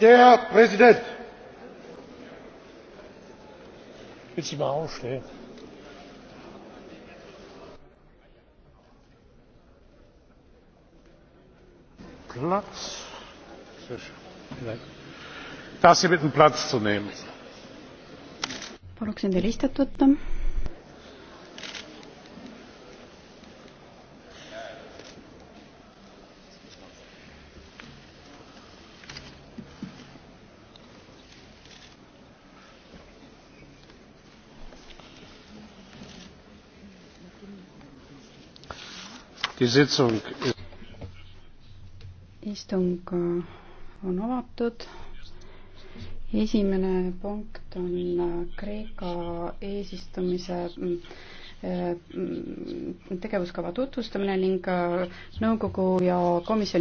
Der Präsident. Willst du mal aufstehen? Platz. Darf Sie bitten, Platz zu nehmen? Paluksin teil istet võtta. istung äh, on avatud. esimene punkt on äh, Kreeka eesistumise mm, äh, mm, tegevuskava tutvustamine ning nõukogu ja komisjoni